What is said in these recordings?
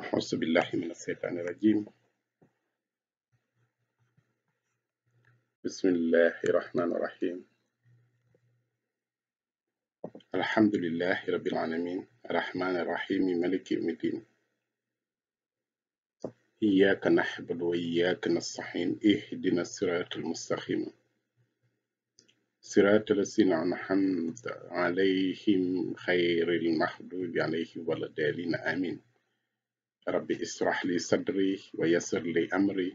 أحوص بالله من الشيطان الرجيم بسم الله الرحمن الرحيم الحمد لله رب العالمين الرحمن الرحيم ملك يوم الدين إياك نحبد وإياك نستعين اهدنا الصراط المستقيم صراط الذين أنعمت عليهم خير المحبوب عليهم ولا الضالين آمين Rabbi israh li sadri wa yasir li amri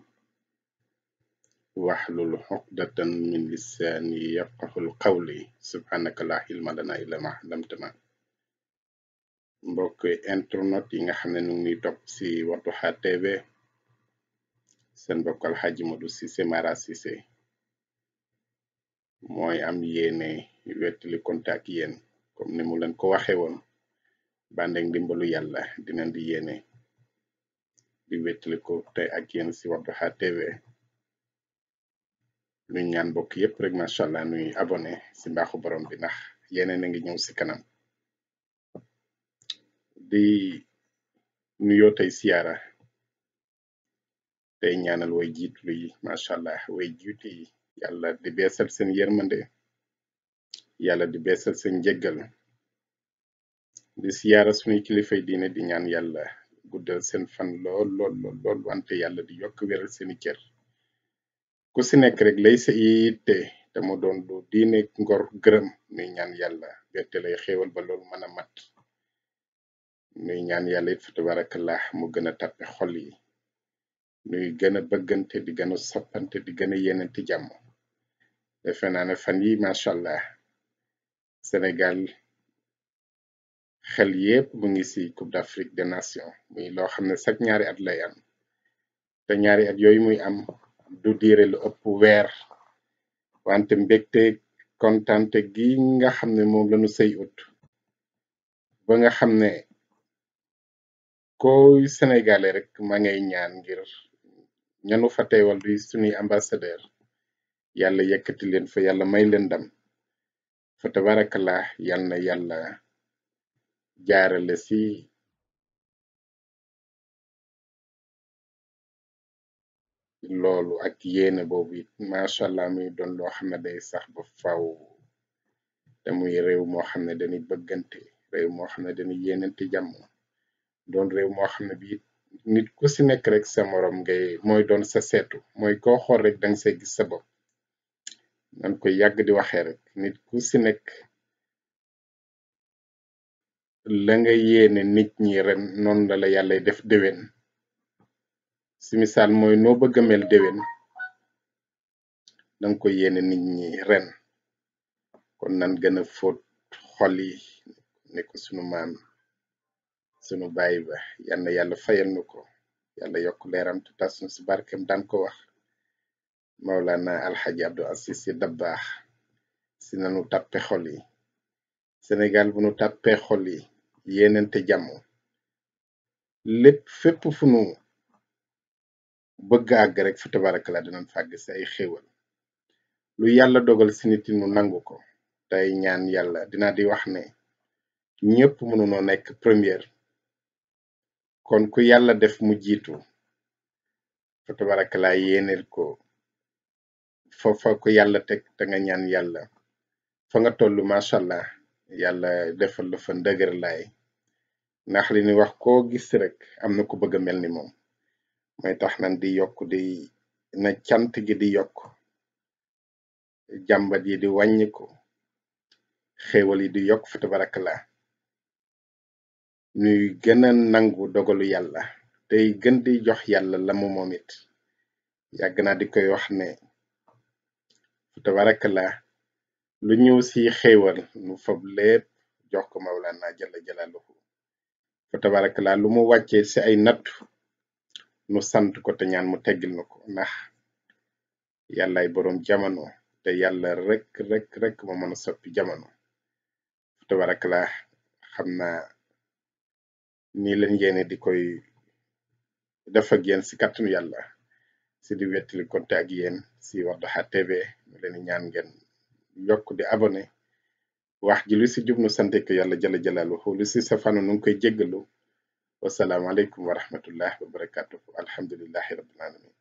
wahlul huqdatan min lisani yaqahul qawli subhanaka la hilma lana illa ma'lam tama Mbokwe entronot inga hamna nungi top si watu Sen bokwe haji modu si se mara si se Mwoy am yene yuwet li kontak yene Kom ni mulan kowa khewon Bandeng limbo yalla dinandi di yene di wétali ko tey ak yéen si Wadduha TV lu ñaan bokk yépp rek macha allah nuy abonné si mbaaxu borom bi ndax yeneen a ngi ñëw si kanam di nuyoo tey siyaara tey ñaanal way jiitu yi macha allah way jiitu yi yàlla di beesal seen yërmande yàlla di beesal seen jéggal di siyaara suñuy kilifay diine di ñaan yàlla guddal seen fan lool lool lool wante yàlla di yokk wéral seeni cër ku si nekk rek lay sa yitte te mu doon lu diine ngor gërëm nuy ñaan yàlla berte lay xéewal ba lool mana a mat nuy ñaan yàlla it fa tabarakallah mu gën a tàppe xol yi nuy gën a bëggante di gën a soppante di gën a yéenante jàmm defe naa fan yi macha allah Sénégal xel yépp mu ngi ci Coupe d'Afrique des Nations muy loo xam ne sax ñaari at lay am te ñaari at yooyu muy am du diire lu ëpp weer wante mbégte kontante gi nga xam ne moom lañu sëy ut ba nga xam ne koy sénégalais rek ma ngay ñaan ngir ñanu fa teewal di suñuy ambassadeur yàlla yëkkati leen fa yàlla may leen ndam fa tabarakallah yal na yàlla jaarale si loolu ak yéene boobu it macha allah muy doon loo xam ne day sax ba faw te muy réew moo xam ne dañuy bëggante réew moo xam ne dañuy yéenante jàmm doon réew moo xam ne bii nit ku si nekk rek sa morom ngay mooy doon sa seetu mooy ko xool rek danga say gis sa bopp nan ko yàgg di waxee rek nit ku si nekk. la nga yéene nit ñi ren noonu la la yàllay def déwén si mooy noo bëgg mel déwén danga ko yéene nit ñi ren kon nan gën a fóot xoli yi ne ko sunu maam sunu bàyyi ba yal na yàlla fayal nu ko yàlla yokk leeran te tas nu si barkem daan ko wax Mawlana Alxaji Abdou Aziz Sy Dabakh si nanu tàppe xol yi Sénégal bu nu tàppee xol yéenente jàmm lépp fépp fu nu bëgg àgg rek fa tabaraka la dinañ fàgg lu yàlla dogal si nit ñu nangu ko tey ñaan yàlla dinaa di wax ne ñépp mënunoo nekk premier kon ku yàlla def mu jiitu fa tabaraka ko fa fa ko yàlla teg te nga ñaan yàlla fa nga toll macha allah yàlla defal la fa ndëgër laay ndax li ni wax koo gis rek am na ku bëgg a mel ni moom mooy tax nan di yokk di na cant gi di yokk jàmbat yi di wàññiku xéewal yi di yokk fa tabaraka la ñuy gën nangu dogalu yàlla tey gën di jox yàlla la mu it yàgg naa di ko wax ne fa tabaraka la lu ñëw si xéewal mu fab lépp jox ko mawlana jalla jalaluhu fa tabarakallah lu mu wàccee si ay nat nu sant ko te ñaan mu teggil na ko ndax yàllaay boroom jamono te yàlla rek rek rek ma mën a soppi jamono fa xam na nii leen yéene di koy def ak yéen si kàttanu yàlla si di wettali konte ak yéen si Wadduha TV ñu leen ñaan gen yokk di abonné wax ji lu si jub nu sante ko yàlla jala jalaaluhu lu si safaanu nu ngi koy jéggalu wasalaamaaleykum wa rahmatullah wa barakatuhu alhamdulillahi rabbil alamin